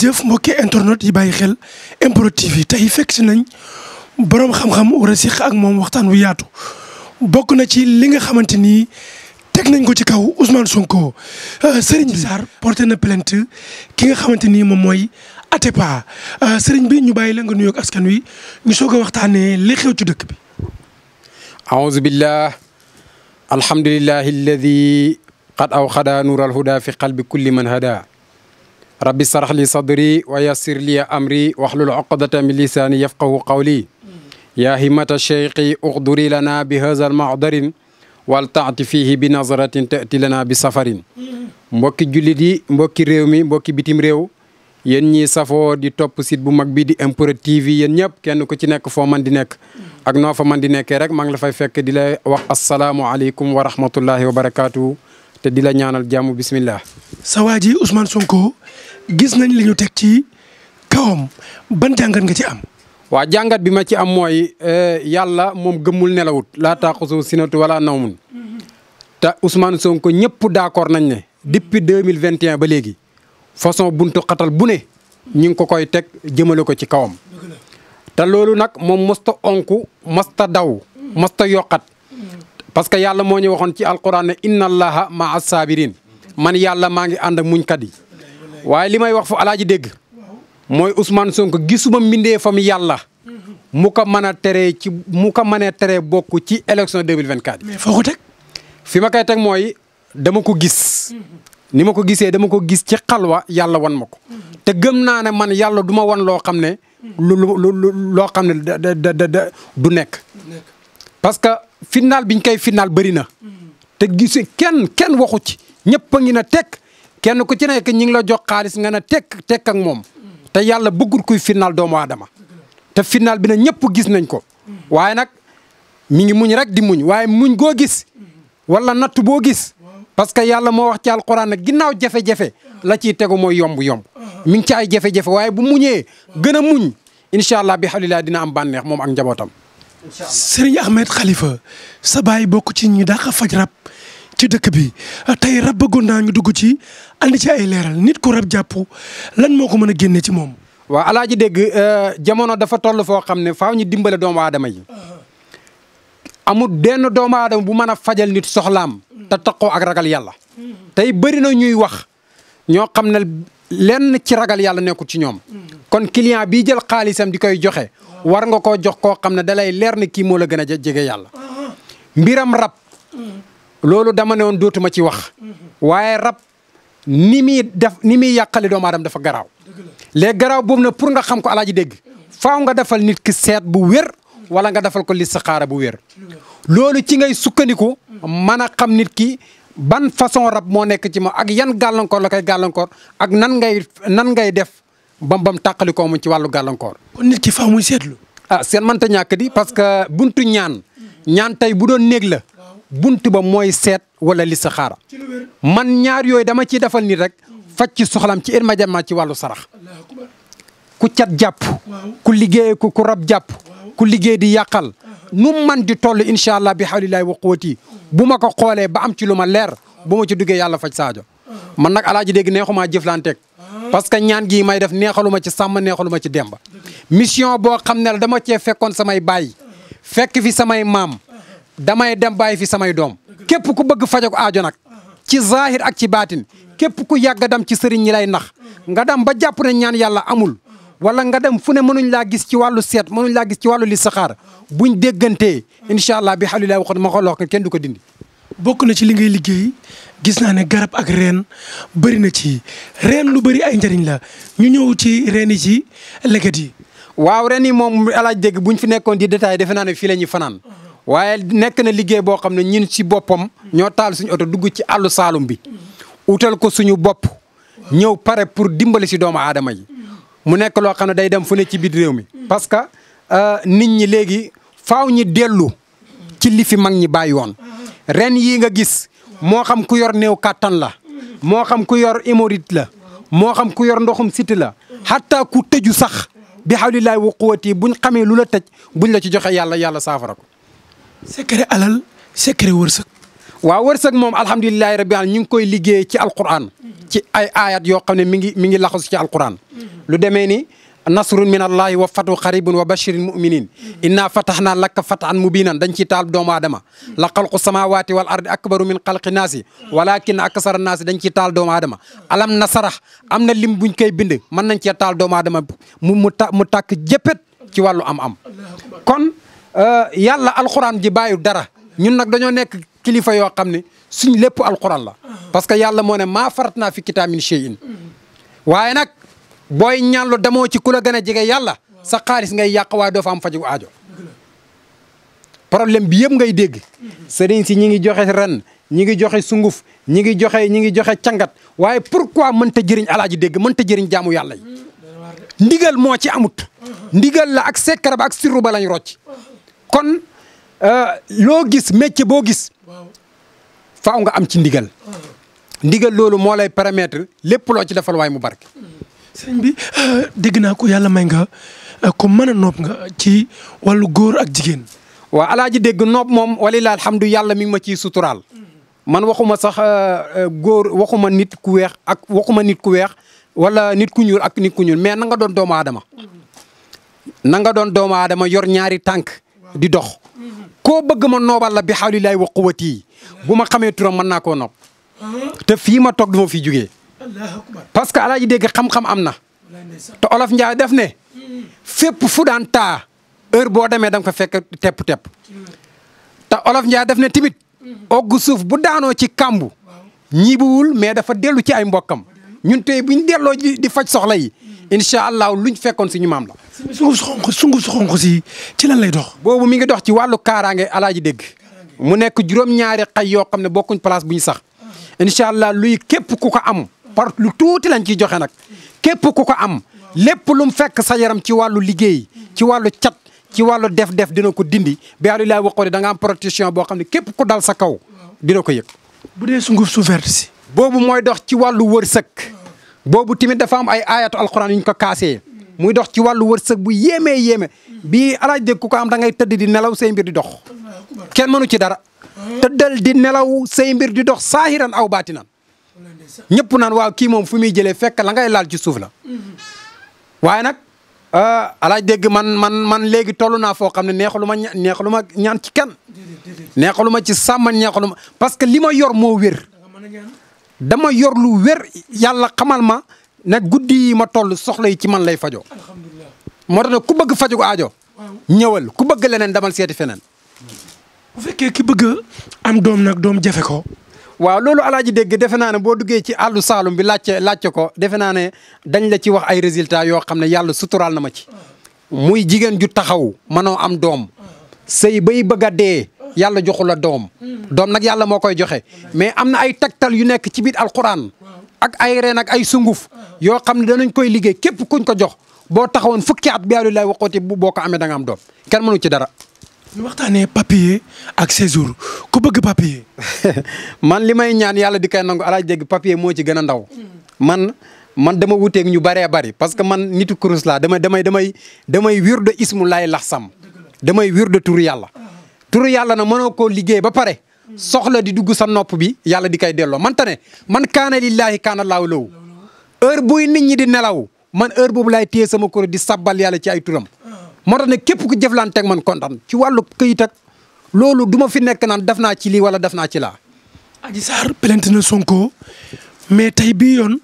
jërëjëf mbokki internet yi bàyyi xel MPROD TV tey fekk si nañ boroom xam-xam war a siq moom waxtaan wu yaatu bokk na ci li nga xamante ni teg nañ ko ci kaw Ousmane Sonko euh, Serigne Sarr porté plant ki nga xamante ni moom mooy Atepa euh, Serigne bi ñu bàyyi la nga nuyoog askan wi ñu soog a waxtaanee li xew ci dëkk bi. aouzu billah alhamdulillahi alladi qad awqada nuural huda fi qalbi kulli man hada rabbi sarax li sadri wa yassir li amri waxlul uqdata min lisaani yafqahu qawli yaa himmata cheikhi uxduri lana bi hazal mahdarin wal taati fiihi bi nazaratin taati lana bi safarin mbokki jullit yi mbokki réew mi mbokki bitim réew yéen ñi safoo di topp sit bu mag bi di MPROD TV yéen ñëpp kenn ku ci nekk foo man di nekk ak noo fa man di nekkee rek maa ngi la fay fekk di la wax asalaamualeykum wa rahmatullahi wa barakaatu te di la ñaanal jàmm bismillah gis nañ li ñu teg ci kawam ban jàngat nga ci am. waa jàngat bi ma ci am mooy eh, yàlla moom gëmmul nelawut laa taaxusu sinatu wala nawmun te Ousmane Sonko ñëpp d'accord nañ ne depuis deux mille vingt et ba léegi façon buntu xatal bu ne ñu ngi ko koy teg jëmale ko ci kawam. te loolu nag moom mosta onku mosta daw mosta yokkat parce que yàlla moo ñu waxoon ci alquran ne inna allaha maa sabirin man yàlla maa ngi ànd ak muñkat yi waaye li may wax fu alaaji dégg mooy Ousmane Sonko gisuma mbindeefam yàlla mu ko mën a teree ci mu ko mënee teree bokk ci élection 2024. mais foo ko teg fi ma koy teg mooy dama ko gis. ni ma ko gisee dama ko gis ci xalwa yàlla wan ma ko. te gëm naa ne man yàlla duma ma wan loo xam ne. lu loo xam ne da du nekk. parce que final biñ koy final bëri na. te gisee kenn kenn waxu ci ñëpp a ngi na teg. kenn ku ci nekk ñi ngi la jox xaalis nga ne tekk tekk ak moom te yàlla bëggul kuy final doomu adama te final bi na ñëpp gis nañ ko waaye nag mi ngi muñ rek di muñ waaye muñ goo gis wala natt boo gis parce que yàlla moo wax ci alquran nag ginnaaw jafe-jafe la ciy tegu mooy yomb-yomb mi ngi ci ay jafe waaye bu muñee gën a muñ incha allah bi xalilaa dina am bànneex moom ak njabootam. incha allah Serigne Ahmed Khalifa sa baay bokk ci ñi dàq faj rab ci dëkk bi tey rab bëggoon naa ñu dugg ci andi ci ay leeral nit ku rab jàpp lan moo ko mën a génne ci moom. waaw alaaji dégg euh, jamono dafa toll foo xam ne faw ñu dimbale doomu aadama yi amut benn doomu aadama bu mën a fajal nit soxlaam te taqoo ak ragal yàlla tey bëri na ñuy wax ñoo xam ne lenn ci ragal yàlla nekkul ci ñoom kon client bii jël xaalisam di koy joxe war nga koo jox koo xam ne dalay leer ne kii moo la gën a jege yàlla mbiram rab loolu dama ne woon dootuma ci wax waaye rab ni muy def ni muy yàqale doomu dafa garaaw léegi garaaw boobu na pour nga xam ko alaaji dégg faaw nga defal nit ki seet bu wér wala nga defal ko li listixaara bu weer loolu ci ngay sukkandiku mën a xam nit ki ban façon rab moo nekk ci ma ak yan gàllankoor la koy gàllankoor ak nan ngay nan ngay def bam bam tàqalikoo mu ci wàllu gàllankoor. kon nit ki faaw muy seetlu. ah seen mënta ñàkk di parce que buntu ñaan ñaan tey bu doon néeg la. bunt ba mooy seet wala li sa xaara man ñaar yooyu dama ciy defal nit rek faj ci soxlam ci irma jamma ci wàllu sarax ku cat jàpp ku liggéey ku ku rab jàpp ku liggéey di yàqal nu man di toll incha allah bi hawlillahi wa quwwati bu ma ko xoolee ba am ci lu ma leer bu ma ci duggee yàlla faj saajo man nag alaaji dégg neexumaa jëflanteeg ah. parce que ñaan gii may def neexaluma ci sàmm neexaluma ci demba mission boo xam ne dama cee fekkoon samay baay fekk fi samay maam damay dem bàyyi fi samay doom képp ku bëgg fajog aajo nag ci zahir ak ci baatin képp ku yàgg a dem ci sëriñ ñi lay nax nga dem ba jàpp ne ñaan yàlla amul wala nga dem fu ne mënuñ laa gis ci wàllu seet mënuñ laa gis ci wàllu bu ñu déggantee incha allah bi laa waxoon ma xooloo kenn du ko dindi. bokk na ci li ngay liggéey gis naa ne garab ak reen bëri na ci reen lu bëri ay njëriñ la ñu ñëw ci reen yi ci leget yi. waaw reen yi moom alaaj dégg buñ fi nekkoon di détaillé defe naa ne fii la ñuy fanaan. waaye nekk na liggéey boo xam ne ñun ci boppam ñoo taal suñu oto dugg ci àllu saalum bi utal ko suñu bopp ñëw pare pour dimbali si doomu aadama yi mu nekk loo xam ne day dem fu ne ci biir réew mi parce que euh, nit ñi léegi faw ñi dellu ci li fi mag ñi bàyyi woon ren yi nga gis moo xam ku yor néew kàttan la moo xam ku yor hémorroïde la moo xam ku yor ndoxum siti la xataa ku tëju sax bi xawlilaay wa quwwati buñ xamee lu la tëj buñ la ci joxe yàlla yàlla saafara ko secret alal secret wërsëg. waaw wërsëg moom alhamdulilahi rabbil alamin ñu ngi koy liggéey ci alquran ci ay ayat yoo xam ne mi ngi mi ngi laxasu ci alquran lu demee ni nasrun min allahi wa fatu xaribun wa bashiril muminin inna fataxna lakka fatan mubinan dañ ciy taal doomu aadama la xalqu samawati wal ardi akbaru min xalqi naasi walakin aksara naasi dañ ciy taal doomu aadama alam nasarax am na lim buñ koy bind mën nañ cee taal doomu aadama mu mu tàkk jëppét ci wàllu am am Euh, yàlla alxuraan ji bàyyu dara ñun nag dañoo nekk kilifa yoo xam ne suñ lépp alxuraan la parce que yàlla moo ne maa farat naa fi kitaamin shay'in waaye nag booy ñaanlu demoo ci ku la jege yàlla sa xaalis ngay yàq waaye doo fa am faju aajo problème bi yëpp ngay dégg sëriñ si ñi ngi joxe ren ñi ngi joxe sunguf ñi ngi joxe ñi ngi joxe cangat waaye pourquoi mënta jëriñ alaaji dégg mënta jëriñ jaamu yàlla yi ndigal moo ci amut ndigal la ak sekkara ba ak sirru ba lañ kon euh, loo gis métier boo gis faaw nga am ci ndigal ah. ndigal loolu moo lay permettre lépp loo ci defal waay mu barke. sëñ bi euh, dégg naa ko yàlla may nga euh, ko mën a nopp nga ci wàllu góor ak jigéen. waaw alaaji dégg nopp moom walilah alhamdu yàlla mi ngi ma ci suturaal. Mm. man waxuma sax góor waxuma nit ku weex ak waxuma nit ku weex wala nit ku ñuul ak nit ku ñuul mais na nga doon doomu aadama. Mm. na nga doon doomu aadama yor ñaari tànk. di dox koo bëgg ma noobal la bi xawlilaay wa quwati bu ma xamee turam mën naa koo noob te fii ma toog du fi jugee parce que alaaji dégg xam-xam am na te olof Njaay def ne fépp fu daan taa heure boo demee da nga fa fekk tepp-tepp te olof Njaay def ne tamit ogg suuf bu daanoo ci kàmbu ñiibuwul mais dafa dellu ci ay mbokkam ñun tey buñ delloo di faj soxla yi incha allah luñ fekkoon suñu maam la. sunguf su xonq sunguf su xonq si ci lan lay dox. boobu mi ngi dox ci wàllu kaaraange alaaji dégg mu nekk juróom-ñaari xay yoo xam ne bokkuñ place bu ñu sax incha allah luy képp ku ko am par lu tuuti lañ ciy joxe nag képp ku ko am lépp lu mu fekk sa yaram ci wàllu liggéey ci wàllu cat ci wàllu def-def dina ko dindi bi Aliou waxoon da nga am protection boo xam ne képp ko dal sa kaw dina ko yëg. bu dee sunguf su verte si. boobu mooy dox ci wàllu wërsëg. boobu tamit dafa am ay ayatu alxuraan yu ñu ko kaasee muy dox ci wàllu wërsëg bu yéemee yéeme bii alaaj dégg ku ko am da ngay tëdd di nelaw say mbir di dox kenn mënu ci dara tëddal di nelaw say mbir di dox saahiran aw baatinan ñëpp naan waaw kii moom fu muy jëlee fekk la ngay laal ci suuf la waaye nag euh, alaaj dégg man man man léegi toll naa foo xam ne neexalu ma neexalu ma ñaan ci kenn neexalu ma ci sàmm neexalu ma parce que li ma yor moo wér dama yor lu wér yàlla xamal ma ne guddi yi ma toll soxla yi ci man lay fajoo moo tax nag ku bëgg faju ko ajo ñëwal ku bëgg leneen damal seeti feneen bu fekkee ki bëgg am doom nag doom jafe ko waaw loolu alaaji dégg defe naa ne boo duggee ci àllu saalum bi laajte laajte ko defe naa ne dañ la ci wax ay résultats yoo xam ne yàlla suturaal na ma ci ah. muy jigéen ju taxaw mënoo am doom ah. sëy bay bëgg dee yàlla joxu la doom hmm. doom nag yàlla moo koy joxe mais am na ay tegtal yu nekk ci biir alquran ak ay reen ak ay sunguf yoo xam ne danañ koy liggéey képp kuñ ko jox boo taxawoon fukki at bi yàlla lay waxooti bu boo ko amee da nga am doom kenn mënu ci dara. ñu waxtaanee papier ak séjour ku bëgg papier. man li may ñaan yàlla di koy nangu alaaj dégg papier moo ci gën a ndaw. man man dama wuteeg ñu baree bari parce que man nit kurus laa damay damay damay damay wir de ismu laay lax sam damay wiir de turu yàlla. turu yàlla na mënoo koo liggéey ba pare soxla di dugg sa nopp bi yàlla di koy delloo man tane man kaana lillaahi kaana laaw law heure buy nit ñi di nelaw man heure boobu lay téye sama kuréel di sabbal yàlla ci ay turam moo tax képp ku jëflanteeg man kontaan ci wàllu kayitak ak loolu du ma fi nekk naan def naa ci lii wala def naa ci laa. aji Sarr plainte na Sonko mais tey bii yoon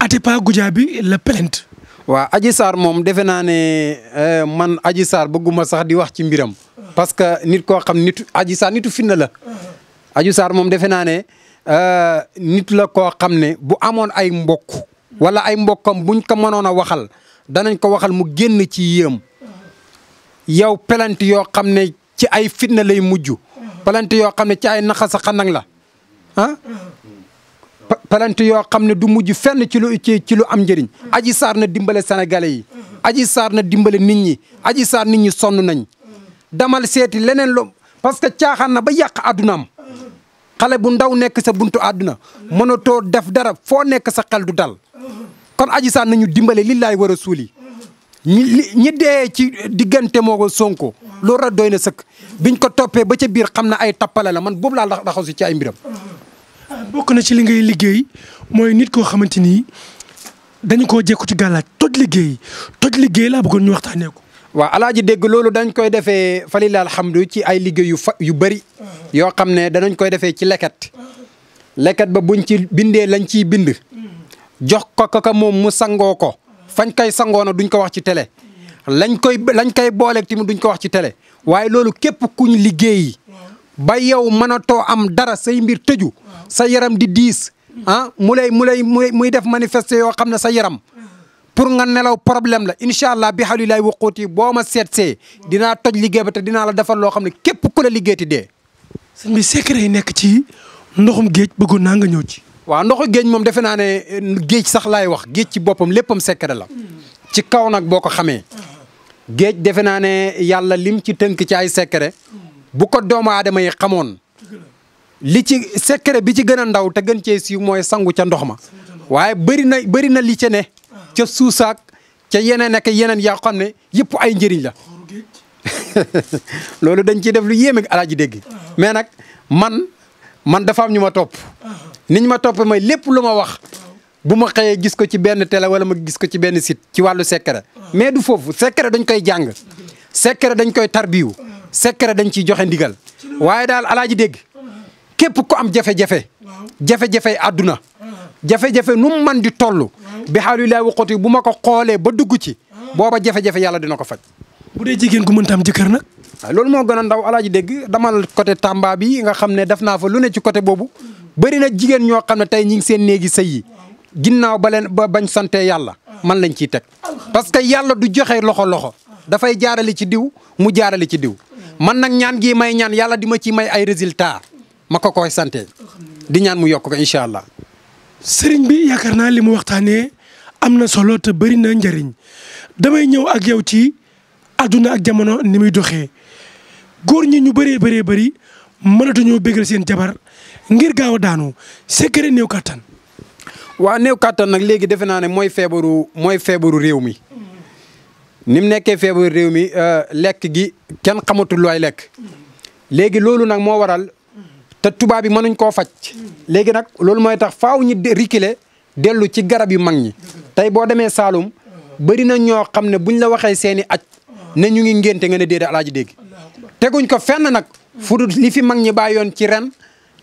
Atepa Goudiaby la plainte. waaw Adji saar moom defe naa ne euh, man Adji Sarr bëgguma sax di wax ci mbiram. parce que nit koo xam nitu aji Sarr nitu finna la Adji Sarr moom defe naa ne euh, nit la koo xam ne bu amoon ay mbokk wala ay mbokkam buñ ko mënoon a waxal danañ ko waxal mu génn ci yéem yow pelanti yoo xam ne ci ay fitna lay mujj pelanti yoo xam ne ci ay naxa xanang la ah pelanti yoo xam ne du mujj fenn ci lu ci lu am njëriñ Adji Sarr na dimbale sénégalais yi aji Sarr na dimbale nit ñi Adji Sarr nit ñi sonn nañ damal seeti leneen lo parce que caaxaan na ba yàq àddunaam xale bu ndaw nekk sa buntu àdduna mënatoo def dara foo nekk sa xel du dal kon aju Sarr nañu dimbale li laay war a suuli ñi ñi dee ci diggante moo ko loolu rek na sëkk biñ ko toppee ba ca biir xam na ay tappale la man boobu laa raxaw si ci ay mbiram. bokk na ci li ngay liggéey mooy nit koo xamante ni dañu koo jékku ci gàllaaj toj liggéey toj liggéey laa bëggoon ñu waxtaanee ko waaw alaaji dégg loolu dañ koy defee xam du ci ay liggéey yu fa yu bëri yoo xam ne danañ koy defee ci leket leket ba buñ ci bindee lañ ciy bind jox ko ko moom mu sangoo ko fañ koy na duñ ko wax ci tele lañ koy lañ koy booleeg tamit duñ ko wax ci tele waaye loolu képp kuñ liggéey ba yow mënatoo am dara sey mbir tëju sa yaram di diis ah mu lay mu lay muy def manifester yoo xam ne sa yaram pour nga nelaw problème la incha allah bi yi laay waqooti boo ma seet see dinaa toj liggéey ba te dinaa la defal loo xam ne képp ku la liggéey ti dee. sëñ bi yi nekk ci ndoxum géej bëggoon naa nga ñëw ci. waaw ndoxu géej moom defe naa ne géej sax laay wax géej ci boppam léppam secret la ci kaw nag boo ko xamee defe naa ne yàlla lim ci tënk ci ay secret bu ko doomu aadama yi xamoon li ci secret bi ci gën a ndaw te gën cee siiw mooy sangu ca ndox ma waaye bëri na bëri na li ci ne. ca suusaak ca yeneen ak yeneen yaa xam ne yëpp ay njëriñ la loolu dañ ciy def lu yéeme alaaji dégg mais nag man man dafa am ñu ma topp ni ñu ma topp may lépp lu ma wax bu ma xëyee gis ko ci benn télé wala ma gis ko ci benn sit ci wàllu secret mais du foofu secret dañ koy jàng secret dañ koy tarbiyu secret dañ ciy joxe ndigal waaye daal alaaji dégg képp ku am jafe-jafe jafe-jafe àdduna jafe-jafe nu mu man di toll mm-hmm. bi xaalilaay waqatu bu ma ko xoolee ba dugg ci mm-hmm. booba jafe-jafe yàlla dina ko faj bu dee jigéen ku mënta am jëkkër nag waaw loolu moo gën a ndaw alaaji dégg damal côté Tamba bi nga xam ne def naa fa lu ne ci côté boobu mm-hmm. bëri na jigéen ñoo xam ne tey ñi ngi seen néegi sëy yi ginnaaw ba leen ba bañ sante yàlla man lañ ciy teg parce que yàlla du joxe loxo loxo dafay jaarale ci diw mu jaarale ci diw man nag ñaan gii may ñaan yàlla di ma ciy may ay résultat ma ko koy sante di ñaan mu yokk incha allah sëriñ bi yaakaar naa li mu waxtaanee am na solo te bëri na njëriñ damay ñëw ak yow ci àdduna ak jamono ni muy doxee góor ñi ñu bëree bëree bari mënatuñoo bégal seen jabar ngir gaaw a daanu secret néew kàttan. waa néew kàttan nag léegi defe naa ne mooy feebaru mooy feebaru réew mi ni mu nekkee feebaru réew mi euh, lekk gi kenn xamatul looy lekk léegi loolu nag moo waral. te tubaab yi mënuñ koo faj léegi nag loolu mooy tax faaw ñi reculer dellu ci garab yu mag ñi tey boo demee Saalum bëri na ñoo xam ne buñ la waxee seeni aj ne ñu ngi ngénte nga ne déedéet alaaji dégg teguñ ko fenn nag fu li fi mag ñi bàyyoon ci ren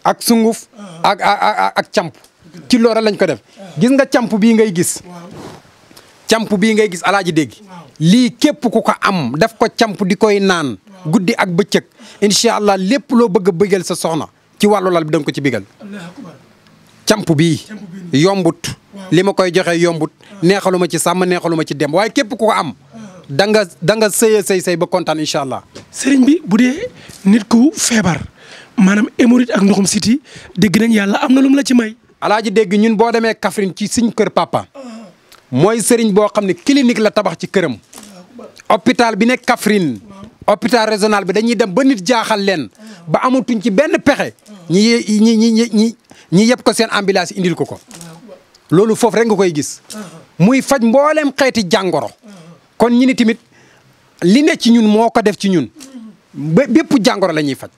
ak sunguf ak ak ak camp ci loora lañ ko def gis nga camp bii ngay gis bii ngay gis alaaji dégg lii képp ku ko am def ko camp di koy naan guddi ak bëccëg incha allah lépp loo bëgg a bëggal sa soxna ci wàllu lal bi danga ko ci bigal camp bii yombut li ma koy joxe yombut ah. neexalu ma ci sàmm neexalu ma ci dem waaye képp ku ko am ah. danga nga da nga sëya sëy sëy ba kontaan incha allah. sëriñ bi bu dee nit ku feebar maanaam hémorroïde ak ndoxum siti dégg nañ yàlla am na lu la ci may. alaaji dégg ñun boo demee Kaffrine ci suñ kër pàppa ah. mooy sëriñ boo xam ne kilinik la tabax ci këram. hôpital bi nekk Kaffrine hôpital régional bi dañuy dem ba nit jaaxal leen ba amatuñ ci benn pexe ñi ñi ñi ñi ñi yëpp ko seen ambulance indil ko ko loolu foofu rek nga koy gis muy faj mbooleem xeeti jàngoro kon ñi ni tamit li ne ci ñun moo ko def ci ñun ba bépp jàngoro la ñuy faj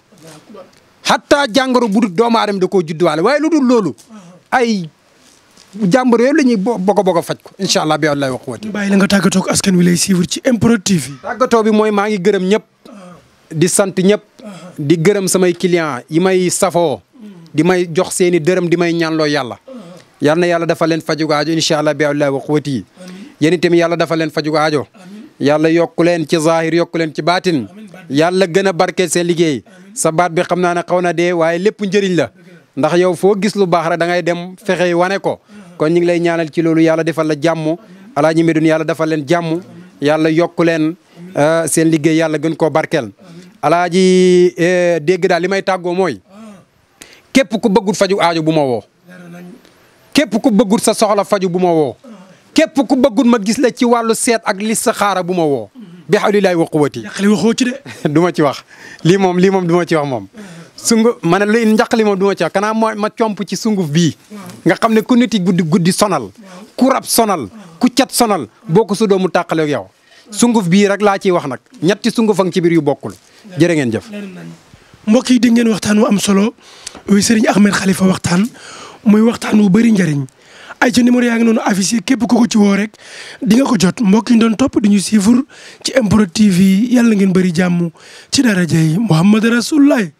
xataa jàngoro bu dul doomu aadama da ko judduwaale waaye lu dul loolu ay jàmbur yooyu la ñuy bokk a bokk a faj ko incha allah bi yàlla wax wati. ñu bàyyi la nga tàggatoo ak askan wi lay suivre ci MPROD TV. tàggatoo bi mooy maa ngi gërëm ñëpp. di sant ñëpp. di gërëm samay client yi may safoo. di may jox seen i dërëm di may ñaanloo yàlla. yal na yàlla dafa leen faju aajo incha allah bi yàlla wax wati yéen itam yàlla dafa leen faju aajo. yàlla yokku leen ci zahir yokku leen ci baatin. yàlla gën a barkeel seen liggéey. sa baat bi xam naa ne xaw na dee waaye lépp njëriñ la ndax yow foo gis lu baax rek da ngay dem fexe wane ko kon ñu ngi lay ñaanal ci loolu yàlla defal la jàmm alaaji Medoune yàlla defal leen jàmm yàlla yokk leen euh, seen liggéey yàlla gën koo barkeel. alaaji euh, dégg daal li may tàggoo mooy képp ku bëggut faju aajo bu ma woo képp ku bëggut sa soxla faju bu ma woo képp ku bëggut ma gis la ci wàllu seet ak sa xaara bu ma woo bi hawlillahi wa quwwati waxoo ci de du ma ci wax lii moom lii moom du ma ci wax moom sungu ma ne luy njaqali moom du ma ci kanaa ma ma comp ci sunguf bii nga xam ne ku nit guddi guddi sonal ku rab sonal ku cat sonal boo ko sudoo mu tàqale yow sunguf bii rek laa ciy wax nag ñetti sunguf ak ci biir yu bokkul jërë ngeen jëf mbokk yi dégg ngeen waxtaan wu am solo wi sëriñ Ahmed xalifa waxtaan muy waxtaan wu bëri njariñ ay ci numéro yaa ngi noonu affiché képp ku ko ci woo rek di ko jot mbokk doon topp di ñu siifur ci MPROD TV yàlla ngeen bëri jàmm ci daraja yi Muhammad Rasulullah